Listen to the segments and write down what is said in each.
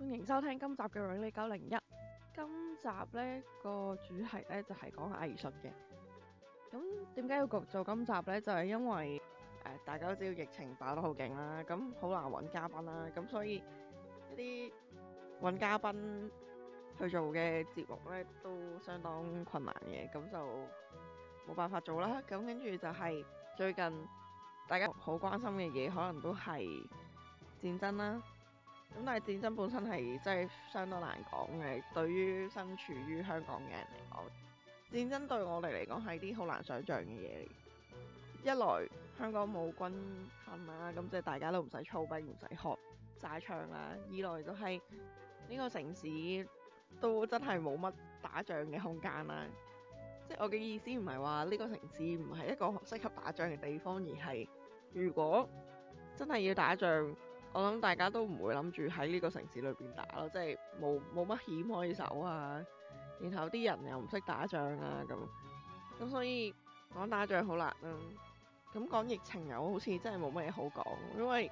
歡迎收聽今集嘅《永利九零一》。今集咧個主題咧就係講藝術嘅。咁點解要做今集咧？就係、是、因為誒、呃、大家都知道疫情爆得好勁啦，咁好難揾嘉賓啦，咁所以一啲揾嘉賓去做嘅節目咧都相當困難嘅，咁就冇辦法做啦。咁跟住就係、是、最近大家好關心嘅嘢，可能都係戰爭啦。咁但係戰爭本身係真係相當難講嘅，對於身處於香港嘅人嚟講，戰爭對我哋嚟講係啲好難想象嘅嘢。一來香港冇軍訓啦，咁即係大家都唔使操兵，唔使學晒槍啦；二來都係呢個城市都真係冇乜打仗嘅空間啦。即係我嘅意思唔係話呢個城市唔係一個適合打仗嘅地方，而係如果真係要打仗。我諗大家都唔會諗住喺呢個城市裏邊打咯，即係冇冇乜險可以守啊，然後啲人又唔識打仗啊咁，咁所以講打仗好難啊。咁講疫情又好似真係冇乜嘢好講，因為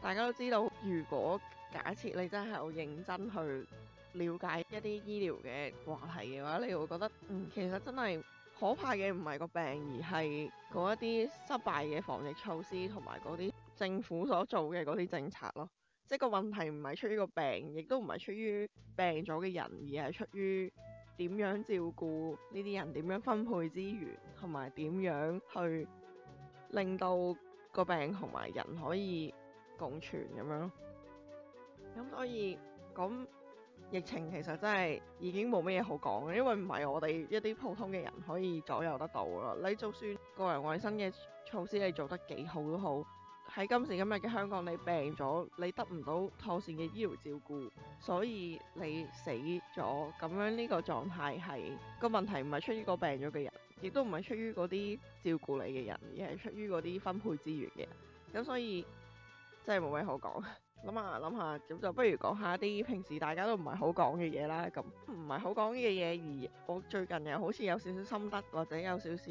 大家都知道，如果假設你真係好認真去了解一啲醫療嘅話題嘅話，你會覺得嗯，其實真係可怕嘅唔係個病，而係嗰一啲失敗嘅防疫措施同埋嗰啲。政府所做嘅嗰啲政策咯，即係個問題唔係出於個病，亦都唔係出於病咗嘅人，而係出於點樣照顧呢啲人，點樣分配資源，同埋點樣去令到個病同埋人可以共存咁樣咯。咁所以咁疫情其實真係已經冇咩嘢好講，因為唔係我哋一啲普通嘅人可以左右得到咯。你就算個人衛生嘅措施你做得幾好都好。喺今時今日嘅香港，你病咗，你得唔到妥善嘅醫療照顧，所以你死咗，咁樣呢個狀態係個問題，唔係出於個病咗嘅人，亦都唔係出於嗰啲照顧你嘅人，而係出於嗰啲分配資源嘅人。咁所以真係冇咩好講。諗下諗下，咁就不如講下啲平時大家都唔係好講嘅嘢啦。咁唔係好講嘅嘢，而我最近又好似有少少心得，或者有少少。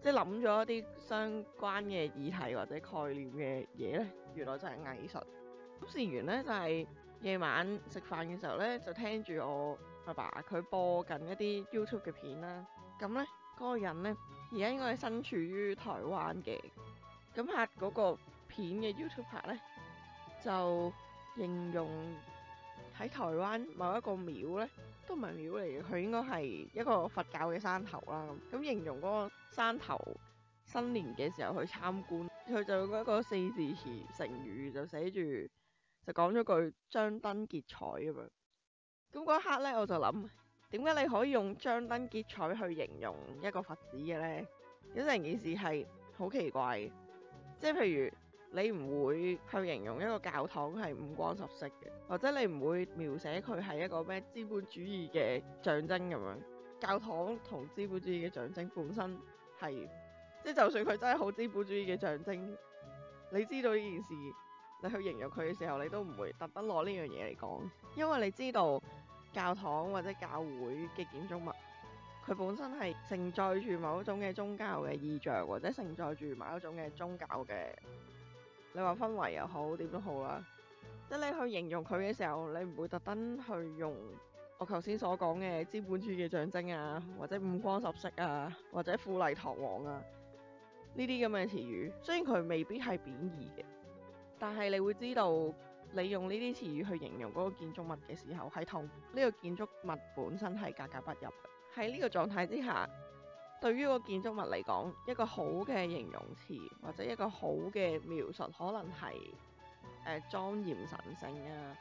即係諗咗一啲相關嘅議題或者概念嘅嘢咧，原來就係藝術。咁事完咧就係、是、夜晚食飯嘅時候咧，就聽住我阿爸佢播緊一啲 YouTube 嘅片啦。咁咧嗰個人咧，而家應該係身處於台灣嘅。咁拍嗰個片嘅 YouTube 咧，就形容喺台灣某一個廟咧。都唔係廟嚟，佢應該係一個佛教嘅山頭啦。咁形容嗰個山頭新年嘅時候去參觀，佢就嗰個四字詞成語就寫住，就講咗句張燈結彩咁樣。咁嗰一刻咧，我就諗點解你可以用張燈結彩去形容一個佛寺嘅咧？有成件事係好奇怪嘅，即係譬如。你唔會去形容一個教堂係五光十色嘅，或者你唔會描寫佢係一個咩資本主義嘅象徵咁樣。教堂同資本主義嘅象徵本身係，即、就係、就算佢真係好資本主義嘅象徵，你知道呢件事，你去形容佢嘅時候，你都唔會特登攞呢樣嘢嚟講，因為你知道教堂或者教會嘅建築物，佢本身係承載住某種嘅宗教嘅意象，或者承載住某種嘅宗教嘅。你話氛圍又好，點都好啦。即你去形容佢嘅時候，你唔會特登去用我頭先所講嘅資本主義嘅象徵啊，或者五光十色啊，或者富麗堂皇啊呢啲咁嘅詞語。雖然佢未必係貶義嘅，但係你會知道你用呢啲詞語去形容嗰個建築物嘅時候，係同呢個建築物本身係格格不入嘅。喺呢個狀態之下。對於個建築物嚟講，一個好嘅形容詞或者一個好嘅描述，可能係誒、呃、莊嚴、神性神聖啊，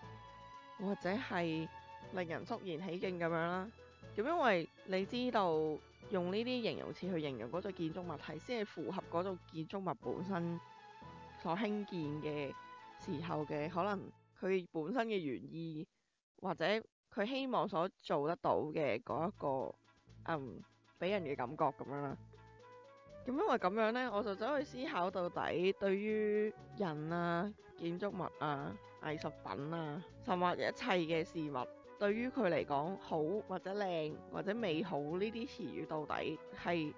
或者係令人肅然起敬咁樣啦、啊。咁因為你知道用呢啲形容詞去形容嗰座建築物，係先係符合嗰座建築物本身所興建嘅時候嘅可能佢本身嘅原意，或者佢希望所做得到嘅嗰一個嗯。俾人嘅感覺咁樣啦。咁因為咁樣呢，我就走去思考到底，對於人啊、建築物啊、藝術品啊，甚至一切嘅事物，對於佢嚟講好或者靚或者美好呢啲詞語，到底係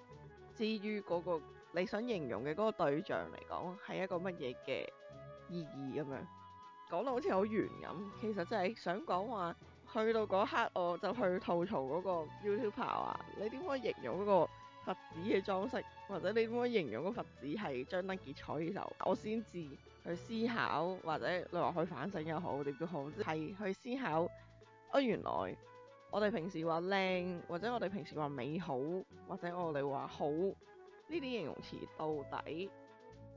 至於嗰個你想形容嘅嗰個對象嚟講係一個乜嘢嘅意義咁樣。講到好似好圓咁，其實真係想講話。去到嗰刻，我就去吐槽嗰個 YouTube 啊！你點可以形容嗰個佛寺嘅裝飾，或者你點可以形容個佛寺係張燈結彩嘅時候，我先至去思考，或者你話去反省又好，點都好，係、即係、去思考。哦，原來我哋平時話靚，或者我哋平時話美好，或者我哋話好呢啲形容詞，到底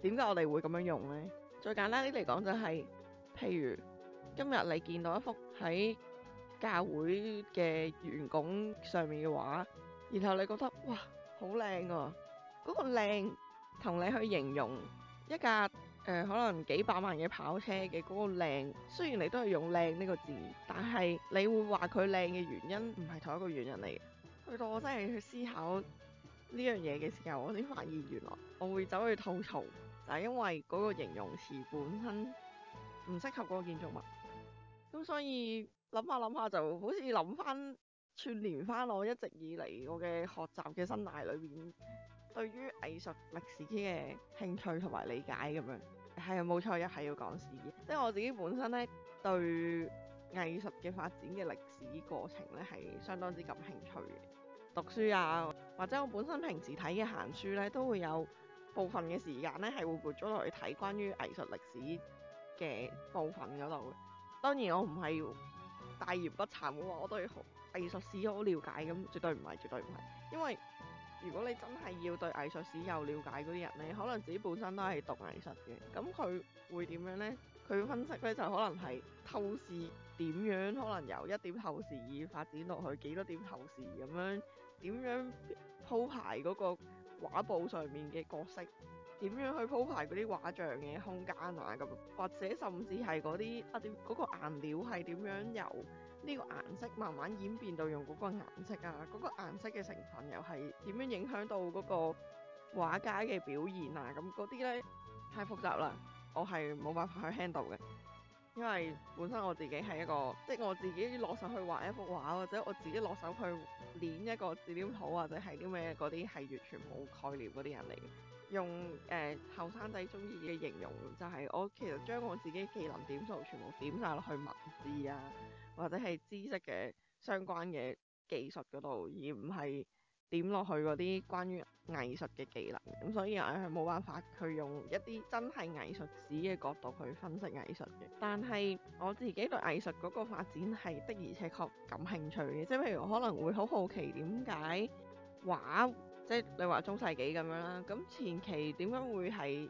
點解我哋會咁樣用呢？最簡單啲嚟講就係、是，譬如今日你見到一幅喺。教會嘅圓拱上面嘅畫，然後你覺得哇好靚啊！嗰個靚同你去形容一架誒可能幾百萬嘅跑車嘅嗰個靚，雖然你都係用靚呢個字，但係你會話佢靚嘅原因唔係同一個原因嚟嘅。去到我真係去思考呢樣嘢嘅時候，我先發現原來我會走去吐槽，就係因為嗰個形容詞本身唔適合嗰個建築物。咁所以。諗下諗下就好似諗翻串聯翻我一直以嚟我嘅學習嘅生涯裏面，對於藝術歷史嘅興趣同埋理解咁樣。係啊，冇錯一係要講事嘅。即係我自己本身咧對藝術嘅發展嘅歷史過程咧係相當之感興趣嘅。讀書啊，或者我本身平時睇嘅閒書咧都會有部分嘅時間咧係會撥咗落去睇關於藝術歷史嘅部分嗰度嘅。當然我唔係大言不慚嘅話，我對藝術史好了解，咁絕對唔係，絕對唔係。因為如果你真係要對藝術史有了解嗰啲人咧，可能自己本身都係讀藝術嘅，咁佢會點樣咧？佢分析咧就可能係透視點樣，可能由一點透視而發展落去幾多點透視咁樣，點樣鋪排嗰個畫布上面嘅角色。點樣去鋪排嗰啲畫像嘅空間啊？咁或者甚至係嗰啲啊啲嗰個顏料係點樣由呢個顏色慢慢演變到用嗰個顏色啊？嗰個顏色嘅成分又係點樣影響到嗰個畫家嘅表現啊？咁嗰啲咧太複雜啦，我係冇辦法去 handle 嘅，因為本身我自己係一個即係我自己落手去畫一幅畫或者我自己落手去攣一個紙尿布或者係啲咩嗰啲係完全冇概念嗰啲人嚟。用誒，後生仔中意嘅形容，就係我其實將我自己技能點數全部點晒落去文字啊，或者係知識嘅相關嘅技術嗰度，而唔係點落去嗰啲關於藝術嘅技能。咁所以我係冇辦法去用一啲真係藝術史嘅角度去分析藝術嘅。但係我自己對藝術嗰個發展係的而且確感興趣嘅，即係譬如我可能會好好奇點解畫。即係你話中世紀咁樣啦，咁前期點樣會係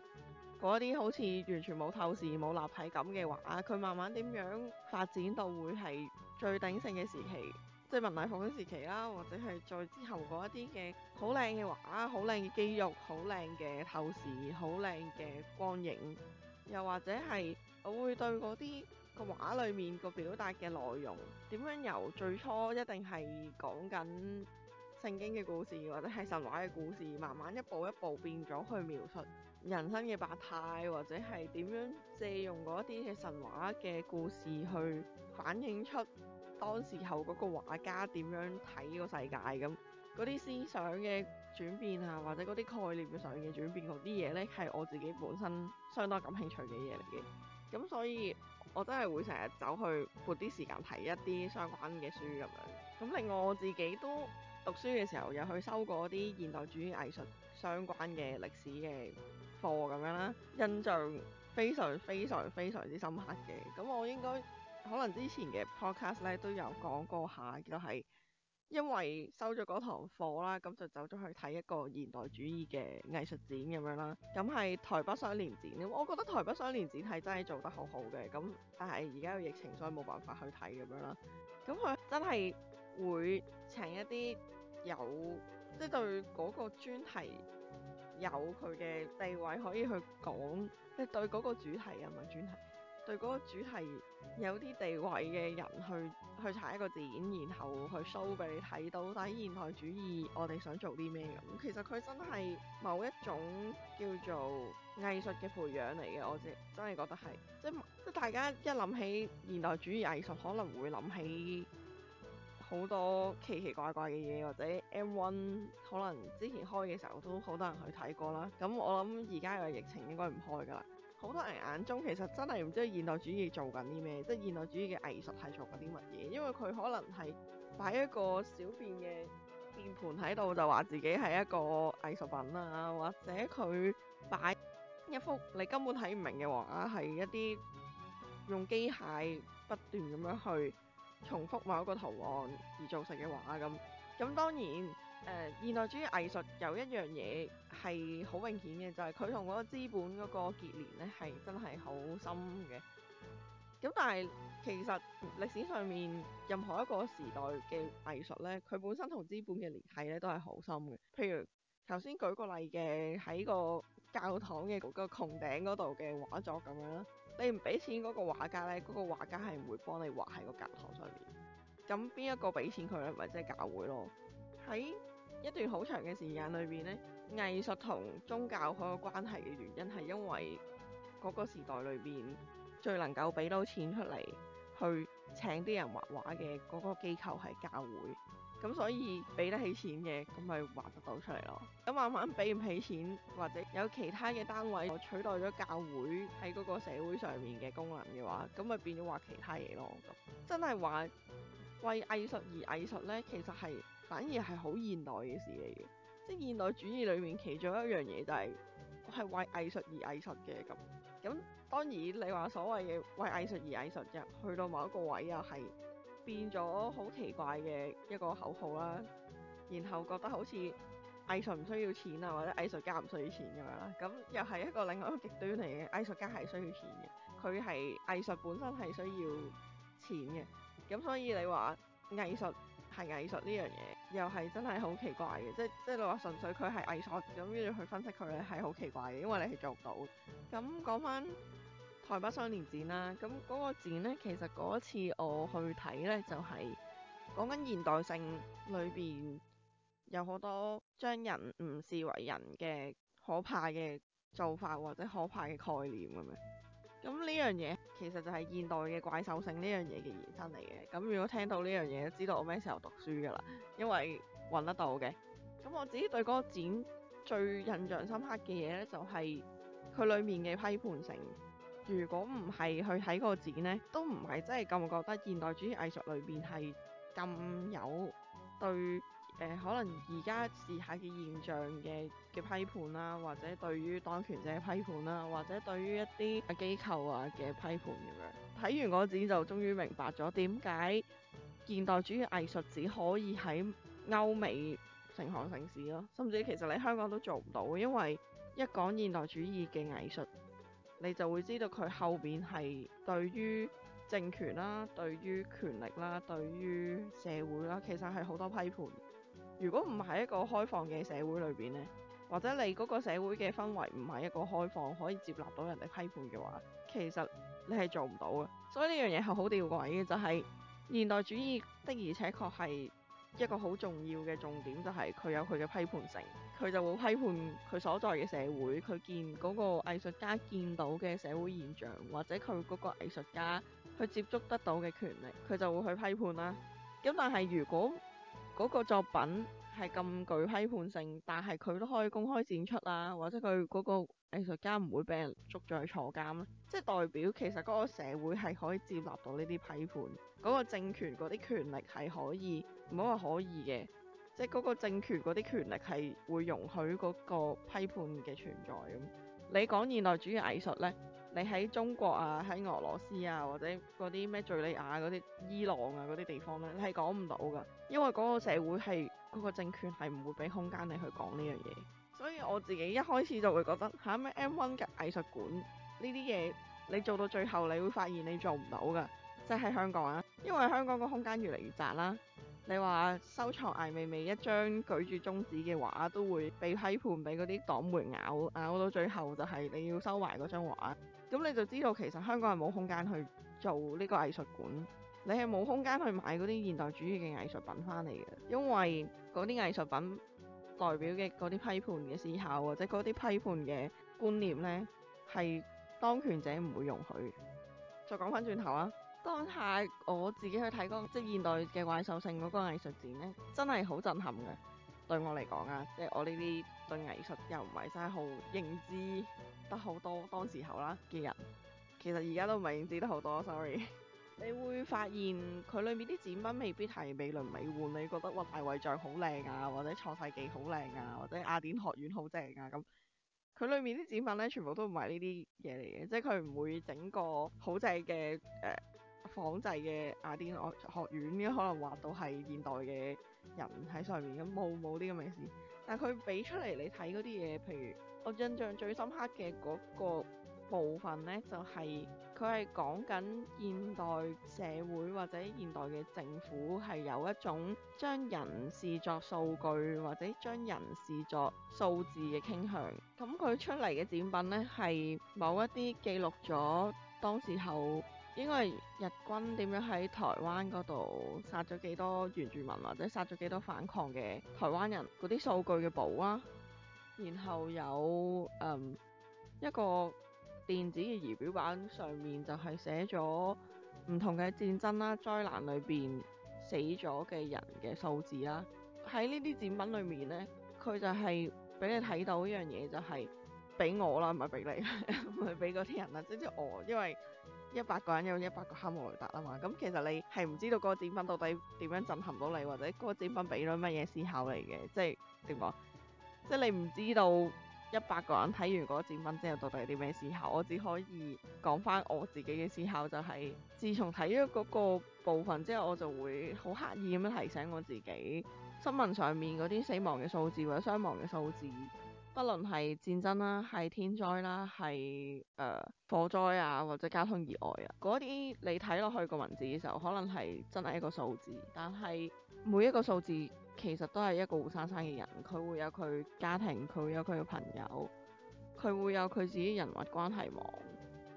嗰啲好似完全冇透視、冇立體感嘅畫？佢慢慢點樣發展到會係最鼎盛嘅時期，即係文藝復興時期啦，或者係再之後嗰一啲嘅好靚嘅畫、好靚嘅肌肉、好靚嘅透視、好靚嘅光影，又或者係我會對嗰啲個畫裡面個表達嘅內容點樣由最初一定係講緊，聖經嘅故事或者係神話嘅故事，慢慢一步一步變咗去描述人生嘅百態或者係點樣借用嗰一啲嘅神話嘅故事去反映出當時候嗰個畫家點樣睇個世界咁，嗰啲思想嘅轉變啊，或者嗰啲概念上嘅轉變嗰啲嘢咧，係我自己本身相當感興趣嘅嘢嚟嘅。咁所以我真係會成日走去撥啲時間睇一啲相關嘅書，咁樣，咁另外我自己都～讀書嘅時候又去收過啲現代主義藝術相關嘅歷史嘅課咁樣啦，印象非常非常非常之深刻嘅。咁我應該可能之前嘅 podcast 咧都有講過下，都係因為收咗嗰堂課啦，咁就走咗去睇一個現代主義嘅藝術展咁樣啦。咁係台北雙年展，我覺得台北雙年展係真係做得好好嘅。咁但係而家個疫情所以冇辦法去睇咁樣啦。咁佢真係會請一啲。有即係對嗰個專題有佢嘅地位，可以去講，即係對嗰個主題啊，唔係專題。對嗰個主題有啲地位嘅人去去查一個點，然後去 show 俾你睇到。但係現代主義，我哋想做啲咩咁？其實佢真係某一種叫做藝術嘅培養嚟嘅，我真係真係覺得係，即係即係大家一諗起現代主義藝術，可能會諗起。好多奇奇怪怪嘅嘢，或者 M1 可能之前開嘅時候都好多人去睇過啦。咁我諗而家嘅疫情應該唔開噶啦。好多人眼中其實真係唔知道現代主義做緊啲咩，即係現代主義嘅藝術係做緊啲乜嘢？因為佢可能係擺一個小便嘅便盤喺度就話自己係一個藝術品啊，或者佢擺一幅你根本睇唔明嘅畫，係一啲用機械不斷咁樣去。重複某一個圖案而造成嘅畫咁，咁當然誒、呃、現代主義藝術有一樣嘢係好明顯嘅，就係佢同嗰個資本嗰個結連咧係真係好深嘅。咁但係其實歷史上面任何一個時代嘅藝術咧，佢本身同資本嘅聯繫咧都係好深嘅。譬如頭先舉個例嘅喺個教堂嘅嗰個穹頂嗰度嘅畫作咁樣啦。你唔俾錢嗰個畫家咧，嗰個畫家係唔會幫你畫喺個教堂上面。咁邊一個俾錢佢咧？咪即係教會咯。喺一段好長嘅時間裏邊咧，藝術同宗教嗰個關係嘅原因係因為嗰個時代裏邊最能夠俾到錢出嚟去請啲人畫畫嘅嗰個機構係教會。咁所以俾得起錢嘅，咁咪畫得到出嚟咯。咁慢慢俾唔起錢，或者有其他嘅單位取代咗教會喺嗰個社會上面嘅功能嘅話，咁咪變咗畫其他嘢咯。咁真係話為藝術而藝術咧，其實係反而係好現代嘅事嚟嘅。即係現代主義裏面其中一樣嘢就係係為藝術而藝術嘅咁。咁當然你話所謂嘅為藝術而藝術啫，去到某一個位又係。變咗好奇怪嘅一個口號啦，然後覺得好似藝術唔需要錢啊，或者藝術家唔需要錢咁樣啦，咁又係一個另外一個極端嚟嘅，藝術家係需要錢嘅，佢係藝術本身係需要錢嘅，咁所以你話藝術係藝術呢樣嘢，又係真係好奇怪嘅，即即係你話純粹佢係藝術咁，跟住去分析佢咧係好奇怪嘅，因為你係做唔到。咁講返。台北雙年展啦，咁嗰個展呢，其實嗰次我去睇呢，就係講緊現代性裏邊有好多將人唔視為人嘅可怕嘅做法或者可怕嘅概念咁樣。咁呢樣嘢其實就係現代嘅怪獸性呢樣嘢嘅延伸嚟嘅。咁如果聽到呢樣嘢，就知道我咩時候讀書㗎啦，因為揾得到嘅。咁我自己對嗰個展最印象深刻嘅嘢呢，就係佢裏面嘅批判性。如果唔係去睇個展咧，都唔係真係咁覺得現代主義藝術裏邊係咁有對誒、呃、可能而家時下嘅現象嘅嘅批判啦，或者對於當權者批判啦，或者對於一啲機構啊嘅批判咁樣。睇完個展就終於明白咗點解現代主義藝術只可以喺歐美成行成市咯，甚至其實你香港都做唔到，因為一講現代主義嘅藝術。你就會知道佢後面係對於政權啦，對於權力啦，對於社會啦，其實係好多批判。如果唔係一個開放嘅社會裏邊呢，或者你嗰個社會嘅氛圍唔係一個開放可以接納到人哋批判嘅話，其實你係做唔到嘅。所以呢樣嘢係好弔詭嘅，就係現代主義的而且確係。一個好重要嘅重點就係佢有佢嘅批判性，佢就會批判佢所在嘅社會，佢見嗰個藝術家見到嘅社會現象，或者佢嗰個藝術家去接觸得到嘅權力，佢就會去批判啦。咁但係如果嗰個作品係咁具批判性，但係佢都可以公開展出啦，或者佢嗰個藝術家唔會俾人捉咗去坐監，即係代表其實嗰個社會係可以接納到呢啲批判，嗰、嗰個政權嗰啲權力係可以。唔好話可以嘅，即係嗰個政權嗰啲權力係會容許嗰個批判嘅存在咁。你講現代主義藝術呢，你喺中國啊、喺俄羅斯啊，或者嗰啲咩敍利亞嗰啲、伊朗啊嗰啲地方呢，你係講唔到噶，因為嗰個社會係嗰個政權係唔會俾空間你去講呢樣嘢。所以我自己一開始就會覺得嚇咩 M1 嘅藝術館呢啲嘢，你做到最後，你會發現你做唔到噶，即係香港啊，因為香港個空間越嚟越窄啦。你話收藏艾未未一張舉住中指嘅畫，都會被批判，俾嗰啲黨媒咬，咬到最後，就係你要收埋嗰張畫。咁你就知道其實香港係冇空間去做呢個藝術館，你係冇空間去買嗰啲現代主義嘅藝術品翻嚟嘅，因為嗰啲藝術品代表嘅嗰啲批判嘅思考或者嗰啲批判嘅觀念呢，係當權者唔會容許。再講翻轉頭啊！當下我自己去睇過即係現代嘅怪獸性嗰個藝術展咧，真係好震撼嘅。對我嚟講啊，即係我呢啲對藝術又唔係曬好認知得好多當時候啦嘅人，其實而家都唔係認知得好多。Sorry， 你會發現佢裏面啲展品未必係美輪美奐，你覺得哇大衛像好靚啊，或者創世紀好靚啊，或者雅典學院好正啊咁。佢裏面啲展品咧，全部都唔係呢啲嘢嚟嘅，即係佢唔會整個好正嘅誒。呃仿製嘅雅典學院，咁可能畫到係現代嘅人喺上面，咁冇冇啲咁嘅事。但係佢俾出嚟你睇嗰啲嘢，譬如我印象最深刻嘅嗰個部分呢，就係佢係講緊現代社會或者現代嘅政府係有一種將人視作數據或者將人視作數字嘅傾向。咁佢出嚟嘅展品呢，係某一啲記錄咗當時候。應該係日軍點樣喺台灣嗰度殺咗幾多原住民或者殺咗幾多反抗嘅台灣人嗰啲數據嘅簿啊，然後有誒、嗯、一個電子嘅儀表板上面就係寫咗唔同嘅戰爭啦、啊啊、災難裏邊死咗嘅人嘅數字啦。喺呢啲展品裏面呢，佢就係俾你睇到一樣嘢，就係俾我啦，唔係俾你，唔係俾嗰啲人啦、啊，即、就、係、是、我，因為。一百個人有一百個哈姆雷特啊嘛，咁其實你係唔知道嗰個展品到底點樣震撼到你，或者嗰個展品俾咗乜嘢思考嚟嘅，即係點講？即係你唔知道一百個人睇完嗰個展品之後到底係啲咩思考。我只可以講翻我自己嘅思考，就是，就係自從睇咗嗰個部分之後，我就會好刻意咁樣提醒我自己，新聞上面嗰啲死亡嘅數字或者傷亡嘅數字。不論係戰爭啦，係天災啦，係誒、呃、火災啊，或者交通意外啊，嗰啲你睇落去個文字嘅時候，可能係真係一個數字，但係每一個數字其實都係一個活生生嘅人，佢會有佢家庭，佢會有佢嘅朋友，佢會有佢自己人物關係網，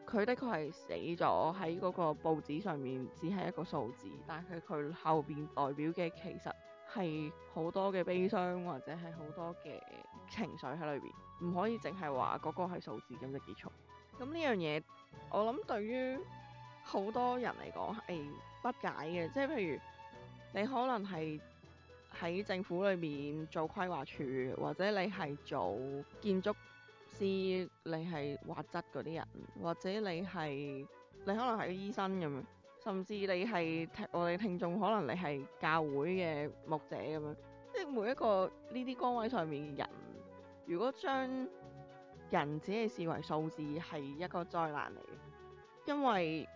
佢的確係死咗喺嗰個報紙上面，只係一個數字，但係佢後邊代表嘅其實。係好多嘅悲傷或者係好多嘅情緒喺裏邊，唔可以淨係話嗰個係數字咁就結束。咁呢樣嘢，我諗對於好多人嚟講係不解嘅，即係譬如你可能係喺政府裏面做規劃處，或者你係做建築師，你係畫質嗰啲人，或者你係你可能係個醫生咁樣。甚至你係我哋聽眾，可能你係教會嘅牧者咁樣，即係每一個呢啲崗位上面嘅人，如果將人只係視為數字，係一個災難嚟嘅，因為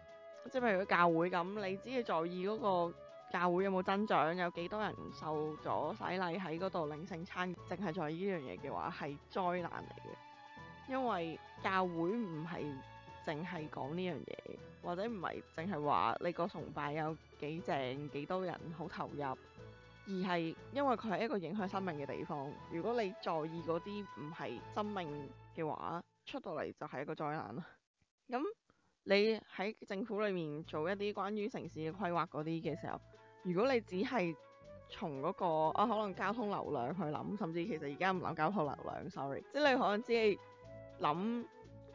即係譬如教會咁，你只係在意嗰個教會，有冇增長，有幾多人受咗洗禮喺嗰度領聖餐，淨係在意呢樣嘢嘅話，係災難嚟嘅，因為教會唔係。淨係講呢樣嘢，或者唔係淨係話你個崇拜有幾正，幾多，多人好投入，而係因為佢係一個影響生命嘅地方。如果你在意嗰啲唔係生命嘅話，出到嚟就係一個災難啦。咁 你喺政府裏面做一啲關於城市嘅規劃嗰啲嘅時候，如果你只係從嗰、嗰個啊可能交通流量去諗，甚至其實而家唔諗交通流量，sorry，即係你可能只係諗。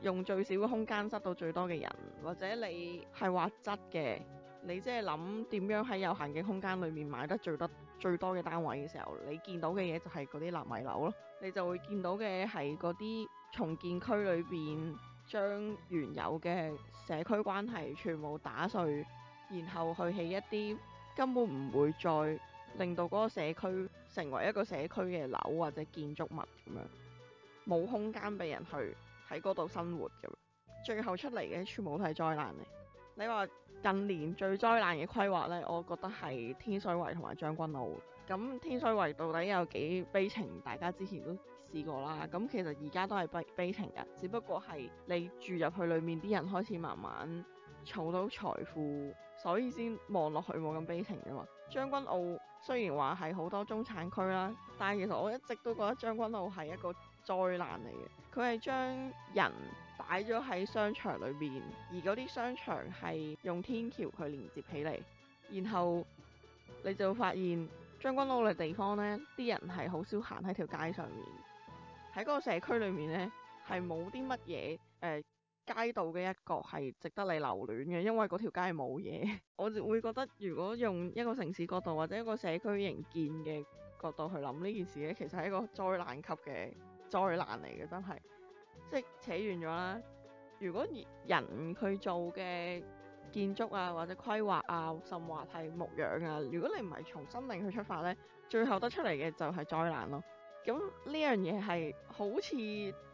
用最少嘅空間塞到最多嘅人，或者你係畫質嘅，你即係諗點樣喺有限嘅空間裏面買得最多最多嘅單位嘅時候，你見到嘅嘢就係嗰啲納米樓咯。你就會見到嘅係嗰啲重建區裏邊將原有嘅社區關係全部打碎，然後去起一啲根本唔會再令到嗰個社區成為一個社區嘅樓或者建築物咁樣，冇空間俾人去喺嗰度生活嘅，最後出嚟嘅全部都係災難嚟。你話近年最災難嘅規劃咧，我覺得係天水圍同埋將軍澳。咁天水圍到底有幾悲情？大家之前都試過啦。咁其實而家都係悲悲情嘅，只不過係你住入去裏面啲人開始慢慢儲到財富，所以先望落去冇咁悲情啫嘛。將軍澳雖然話係好多中產區啦，但係其實我一直都覺得將軍澳係一個。災難嚟嘅，佢係將人擺咗喺商場裏面，而嗰啲商場係用天橋去連接起嚟，然後你就發現將軍澳嘅地方呢，啲人係好少行喺條街上面。喺嗰個社區裏面呢，係冇啲乜嘢誒街道嘅一角係值得你留戀嘅，因為嗰條街冇嘢。 我會覺得，如果用一個城市角度或者一個社區營建嘅角度去諗呢件事咧，其實係一個災難級嘅。災難嚟嘅，真係即扯遠咗啦。如果人去做嘅建築啊，或者規劃啊，甚至話係牧養啊，如果你唔係從生命去出發咧，最後得出嚟嘅就係災難咯。咁呢樣嘢係好似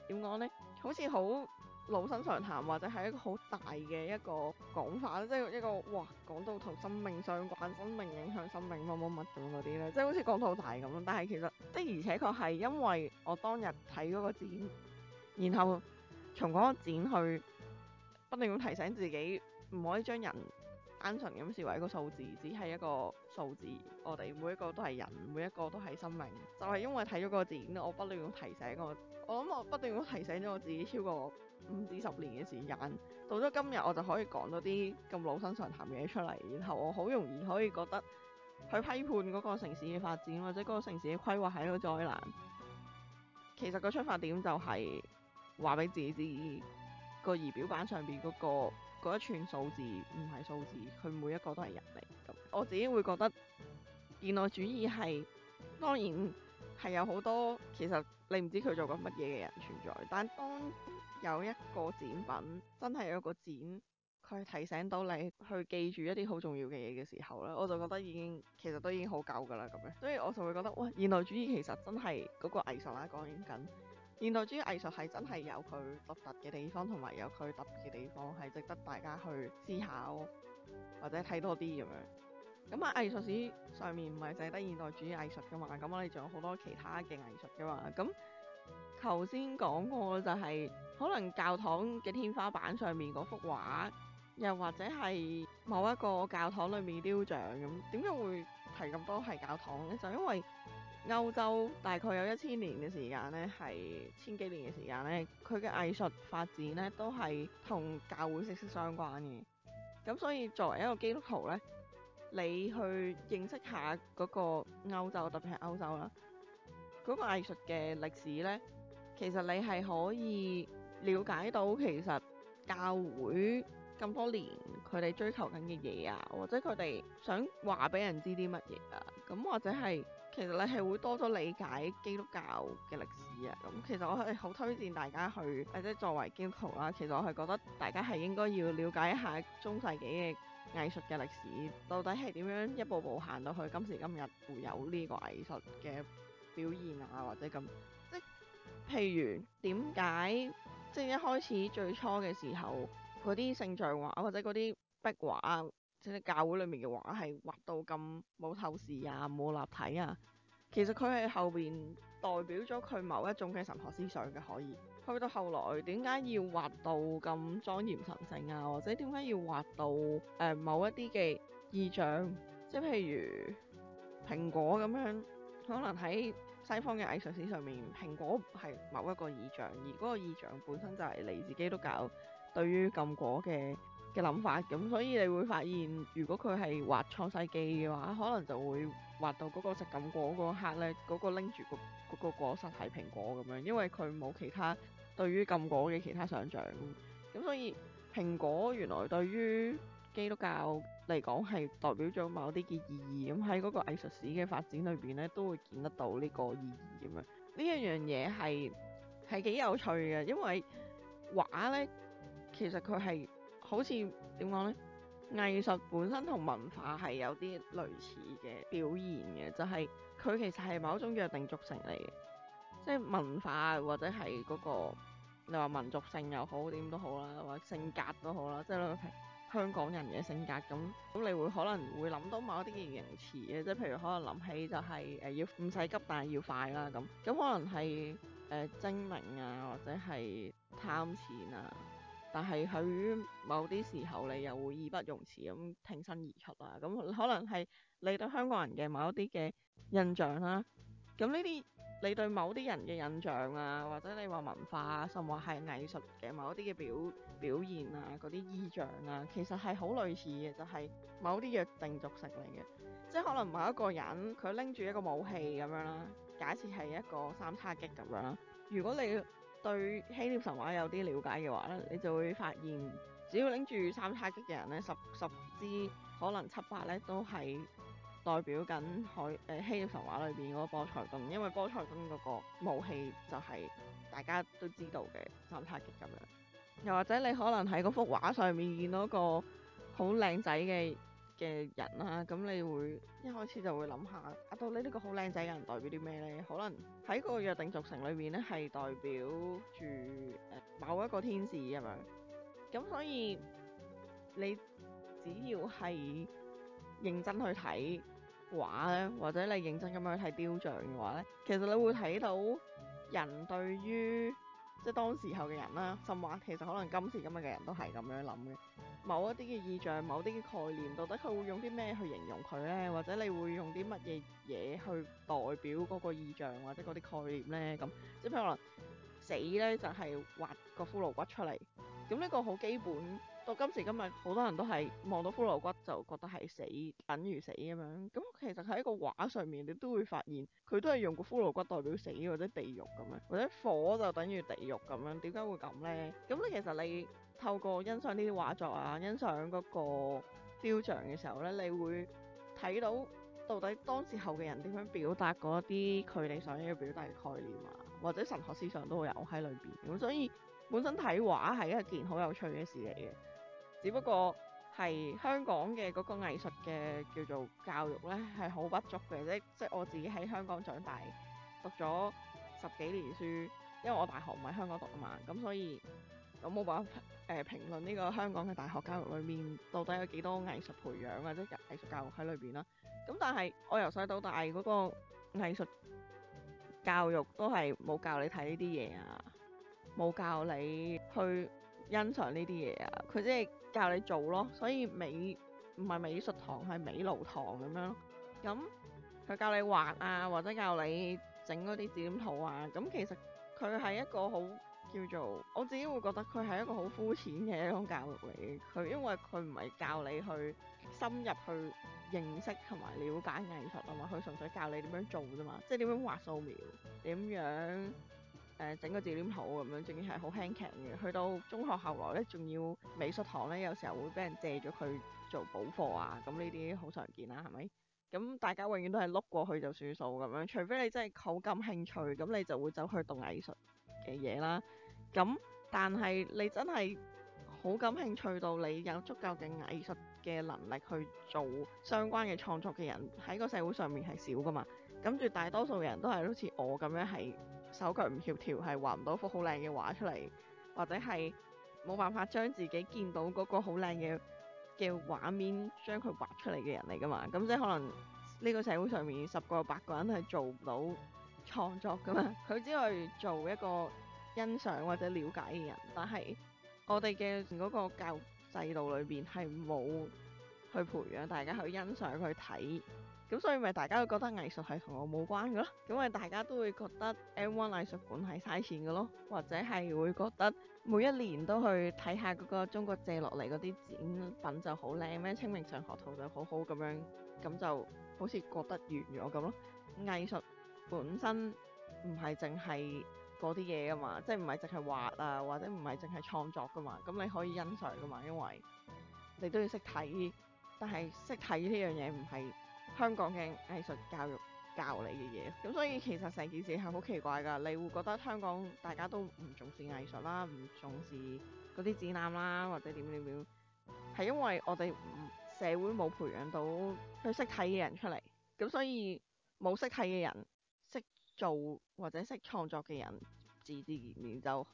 點講咧？好似好～老生常談，或者係一個好大嘅一個講法，即係一個哇，講到同生命相關、生命影響生命乜乜乜咁嗰啲咧，即係好似講到好大咁。但係其實的而且確係因為我當日睇嗰個展，然後從嗰個展去不斷咁提醒自己，唔可以將人單純咁視為一個數字，只係一個數字。我哋每一個都係人，每一個都係生命。就係因為睇咗個展，我不斷咁提醒我，我諗我不斷咁提醒咗我自己，超過。五至十年嘅時間，到咗今日，我就可以講到啲咁老生常談嘅嘢出嚟，然後我好容易可以覺得去批判嗰個城市嘅發展或者嗰個城市嘅規劃係一個災難。其實個出發點就係話俾自己知，個儀表板上邊嗰、嗰個一串數字唔係數字，佢每一個都係人嚟。咁我自己會覺得現代主義係當然係有好多其實你唔知佢做過乜嘢嘅人存在，但當有一個展品，真係有個展，佢提醒到你去記住一啲好重要嘅嘢嘅時候咧，我就覺得已經其實都已經好夠㗎啦咁樣，所以我就會覺得，哇！現代主義其實真係嗰個藝術喺講緊， 現代主義藝術係真係有佢獨特嘅地方同埋有佢特別嘅地方，係值得大家去思考、啊、或者睇多啲咁樣。咁喺藝術史上面唔係淨係得現代主義藝術㗎嘛，咁我哋仲有好多其他嘅藝術㗎嘛，咁。頭先講過就係可能教堂嘅天花板上面嗰幅畫，又或者係某一個教堂裏面雕像咁，點解會提咁多係教堂咧？就因為歐洲大概有一千年嘅時間呢，係千幾年嘅時間呢，佢嘅藝術發展呢都係同教會息息相關嘅。咁所以作為一個基督徒呢，你去認識下嗰個歐洲，特別係歐洲啦，嗰個藝術嘅歷史呢。其實你係可以了解到其實教會咁多年佢哋追求緊嘅嘢啊，或者佢哋想話俾人知啲乜嘢啊，咁或者係其實你係會多咗理解基督教嘅歷史啊。咁其實我係好推薦大家去，或者作為基督徒啦、啊，其實我係覺得大家係應該要了解一下中世紀嘅藝術嘅歷史，到底係點樣一步步行到去今時今日會有呢個藝術嘅表現啊，或者咁。譬如點解即係一開始最初嘅時候，嗰啲聖像畫或者嗰啲壁畫，即係教會裏面嘅畫係畫到咁冇透視啊冇立體啊，其實佢係後邊代表咗佢某一種嘅神學思想嘅可以。去到後來點解要畫到咁莊嚴神聖啊，或者點解要畫到誒、呃、某一啲嘅意象，即係譬如蘋果咁樣可能喺西方嘅藝術史上面，蘋果係某一個意象，而嗰個意象本身就係你自己都搞對於禁果嘅嘅諗法，咁所以你會發現，如果佢係畫創世紀嘅話，可能就會畫到嗰個食禁果嗰刻咧，嗰、嗰個拎住個嗰個果實係蘋果咁樣，因為佢冇其他對於禁果嘅其他想像。咁所以蘋果原來對於基督教嚟講係代表咗某啲嘅意義，咁喺嗰個藝術史嘅發展裏邊咧，都會見得到呢個意義咁樣。呢一樣嘢係係幾有趣嘅，因為畫咧其實佢係好似點講咧，藝術本身同文化係有啲類似嘅表現嘅，就係佢其實係某種約定俗成嚟嘅，即係文化或者係嗰個你話民族性又好點都好啦，或者性格都好啦，即係香港人嘅性格咁，咁你會可能會諗到某一啲嘅形容詞嘅，即係譬如可能諗起就係、是、誒、呃、要唔使急但係要快啦咁，咁可能係誒、呃、精明啊或者係貪錢啊，但係喺某啲時候你又會義不容辭咁挺身而出啊，咁可能係你對香港人嘅某一啲嘅印象啦、啊，咁呢啲。你對某啲人嘅印象啊，或者你話文化、啊，甚或係藝術嘅某一啲嘅表表現啊，嗰啲意象啊，其實係好類似嘅，就係、是、某啲約定俗成嚟嘅。即係可能某一個人佢拎住一個武器咁樣啦，假設係一個三叉戟咁樣啦。如果你對希臘神話有啲了解嘅話咧，你就會發現，只要拎住三叉戟嘅人咧，十十支可能七八咧都係。代表緊海誒、呃、希臘神話裏邊嗰個波塞冬，因為波塞冬嗰個武器就係大家都知道嘅三叉戟咁樣。又或者你可能喺嗰幅畫上面見到個好靚仔嘅嘅人啦，咁你會一開始就會諗下，阿、啊、到你呢個好靚仔嘅人代表啲咩呢？」可能喺個約定俗成裏面呢，係代表住某一個天使咁樣。咁所以你只要係認真去睇畫咧，或者你認真咁樣睇雕像嘅話咧，其實你會睇到人對於即係當時候嘅人啦，甚至話其實可能今時今日嘅人都係咁樣諗嘅。某一啲嘅意象，某啲嘅概念，到底佢會用啲咩去形容佢咧？或者你會用啲乜嘢嘢去代表嗰個意象或者嗰啲概念咧？咁即係譬如可能死咧就係畫個骷髏骨出嚟，咁呢個好基本。到今時今日，好多人都係望到骷髏骨就覺得係死，等於死咁樣。咁其實喺一個畫上面，你都會發現佢都係用個骷髏骨代表死或者地獄咁樣，或者火就等於地獄咁樣。點解會咁呢？咁你其實你透過欣賞呢啲畫作啊，欣賞嗰個雕像嘅時候咧，你會睇到到底當時候嘅人點樣表達嗰啲佢哋想要表達嘅概念啊，或者神學思想都會有喺裏邊。咁所以本身睇畫係一件好有趣嘅事嚟嘅。只不過係香港嘅嗰個藝術嘅叫做教育咧，係好不足嘅，即即我自己喺香港長大，讀咗十幾年書，因為我大學唔喺香港讀啊嘛，咁所以咁冇辦法誒評論呢個香港嘅大學教育裏面到底有幾多藝術培養啊，即藝術教育喺裏邊啦。咁但係我由細到大嗰個藝術教育都係冇教你睇呢啲嘢啊，冇教你去欣賞呢啲嘢啊，佢即係。教你做咯，所以美唔係美術堂，係美勞堂咁樣咯。咁、嗯、佢教你畫啊，或者教你整嗰啲紙點圖啊。咁、嗯、其實佢係一個好叫做我自己會覺得佢係一個好膚淺嘅一種教育嚟。佢因為佢唔係教你去深入去認識同埋了解藝術啊嘛，佢純粹教你點樣做啫嘛，即係點樣畫素描，點樣。誒、呃、整個字典好咁樣，仲要係好輕鬆嘅。去到中學後來咧，仲要美術堂咧，有時候會俾人借咗佢做補課啊，咁呢啲好常見啦，係咪？咁大家永遠都係碌過去就算數咁樣，除非你真係好感興趣，咁你就會走去讀藝術嘅嘢啦。咁但係你真係好感興趣到你有足夠嘅藝術嘅能力去做相關嘅創作嘅人，喺個社會上面係少㗎嘛。跟住大多數人都係好似我咁樣係。手腳唔協調，係畫唔到幅好靚嘅畫出嚟，或者係冇辦法將自己見到嗰個好靚嘅嘅畫面將佢畫出嚟嘅人嚟㗎嘛，咁即係可能呢個社會上面十個八個人係做唔到創作㗎嘛，佢只係做一個欣賞或者了解嘅人，但係我哋嘅嗰個教育制度裏邊係冇去培養大家去欣賞去睇。咁所以咪大家會覺得藝術係同我冇關嘅咯，咁咪大家都會覺得 M1 藝術館係嘥錢嘅咯，或者係會覺得每一年都去睇下嗰個中國借落嚟嗰啲展品就好靚咩？清明上河圖就就好好咁樣，咁就好似過得完咗咁咯。藝術本身唔係淨係嗰啲嘢噶嘛，即係唔係淨係畫啊，或者唔係淨係創作噶嘛，咁你可以欣賞噶嘛，因為你都要識睇，但係識睇呢樣嘢唔係香港嘅藝術教育教你嘅嘢，咁所以其實成件事係好奇怪㗎。你會覺得香港大家都唔重視藝術啦，唔重視嗰啲展覽啦，或者點點點，係因為我哋社會冇培養到佢識睇嘅人出嚟，咁所以冇識睇嘅人，識做或者識創作嘅人，自自然然就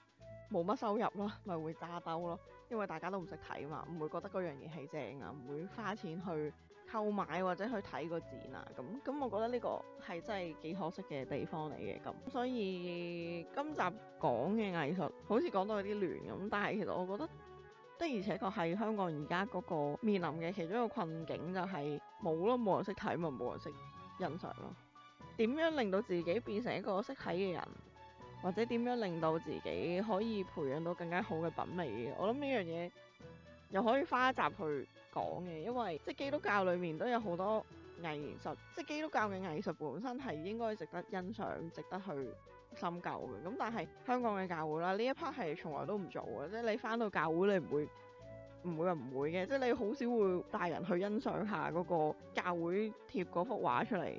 冇乜收入咯，咪會揸兜咯，因為大家都唔識睇啊嘛，唔會覺得嗰樣嘢係正啊，唔會花錢去。購買或者去睇個展啊，咁，咁我覺得呢個係真係幾可惜嘅地方嚟嘅，咁所以今集講嘅藝術好似講到有啲亂咁，但係其實我覺得的而且確係香港而家嗰個面臨嘅其中一個困境就係冇咯冇人識睇咪冇人識欣賞咯，點樣令到自己變成一個識睇嘅人，或者點樣令到自己可以培養到更加好嘅品味，我諗呢樣嘢又可以花一集去。講嘅，因為即係基督教裏面都有好多藝術，即係基督教嘅藝術本身係應該值得欣賞、值得去深究嘅。咁但係香港嘅教會啦，呢一 part 係從來都唔做嘅，即係你返到教會你唔會唔會話唔會嘅，即係你好少會帶人去欣賞下嗰個教會貼嗰幅畫出嚟，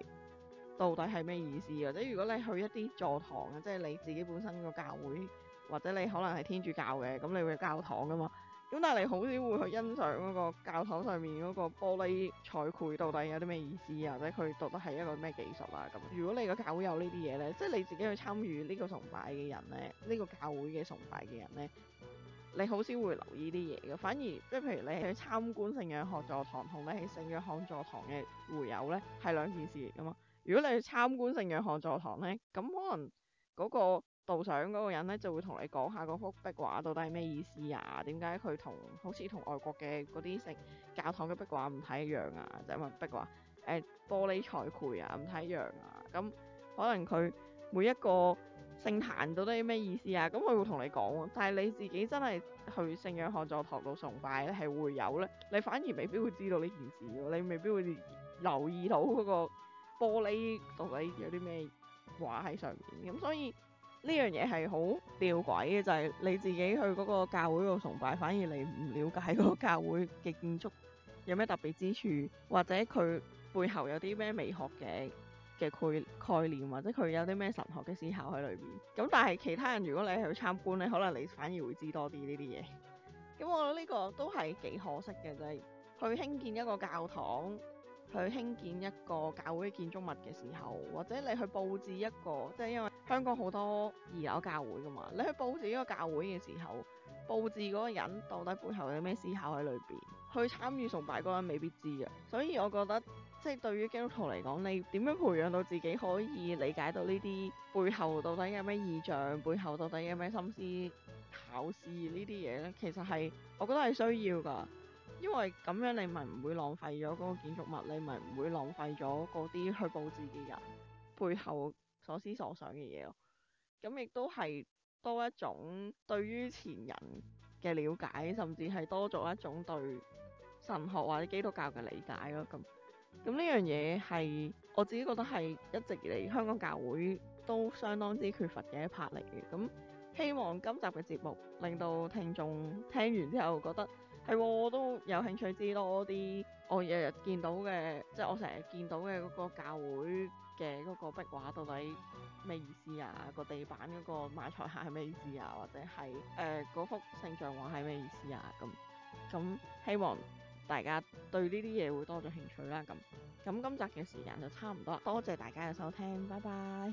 到底係咩意思，或者如果你去一啲座堂啊，即係你自己本身個教會，或者你可能係天主教嘅，咁你會教堂㗎嘛？咁但係你好少會去欣賞嗰個教堂上面嗰個玻璃彩繪到底有啲咩意思啊？或者佢到底係一個咩技術啊？咁如果你個教會有呢啲嘢咧，即係你自己去參與呢個崇拜嘅人咧，呢、呢個教會嘅崇拜嘅人咧，你好少會留意啲嘢嘅。反而即係譬如你去參觀聖約翰座堂同你係聖約翰座堂嘅會友咧，係兩件事嚟噶嘛。如果你去參觀聖約翰座堂咧，咁可能嗰、嗰個。導賞嗰個人咧就會同你講下嗰幅壁畫到底係咩意思啊？點解佢同好似同外國嘅嗰啲聖教堂嘅壁畫唔太一樣啊？就咁、是、嘅壁畫，誒、欸，玻璃彩繪啊，唔太一樣啊。咁可能佢每一個聖壇到底咩意思啊？咁佢會同你講、啊。但係你自己真係去聖約翰座堂度崇拜咧，係會有咧，你反而未必會知道呢件事、啊。你未必會留意到嗰個玻璃到底有啲咩畫喺上面。咁所以。呢樣嘢係好吊詭嘅，就係、是、你自己去嗰個教會度崇拜，反而你唔了解個教會嘅建築有咩特別之處，或者佢背後有啲咩美學嘅嘅概概念，或者佢有啲咩神學嘅思考喺裏面。咁但係其他人如果你去參觀咧，可能你反而會知多啲呢啲嘢。咁 我覺得呢個都係幾可惜嘅就啫。去興建一個教堂。去興建一個教會建築物嘅時候，或者你去佈置一個，即係因為香港好多二樓教會噶嘛，你去佈置一個教會嘅時候，佈置嗰個人到底背後有咩思考喺裏邊？去參與崇拜嗰個人未必知㗎。所以我覺得，即係對於基督徒嚟講，你點樣培養到自己可以理解到呢啲背後到底有咩意象，背後到底有咩心思考試呢啲嘢呢？其實係我覺得係需要㗎。因為咁樣你咪唔會浪費咗嗰個建築物，你咪唔會浪費咗嗰啲去佈置嘅人背後所思所想嘅嘢咯。咁亦都係多一種對於前人嘅了解，甚至係多咗一種對神學或者基督教嘅理解咯。咁咁呢樣嘢係我自己覺得係一直嚟香港教會都相當之缺乏嘅一拍嚟嘅。咁希望今集嘅節目令到聽眾聽完之後覺得。係、啊，我都有興趣知多啲。我日日見到嘅，即係我成日見到嘅嗰個教會嘅嗰個壁畫到底咩意思啊？個地板嗰個馬賽克係咩意思啊？或者係誒嗰幅聖像畫係咩意思啊？咁咁希望大家對呢啲嘢會多咗興趣啦。咁咁今集嘅時間就差唔多啦。多謝大家嘅收聽，拜拜。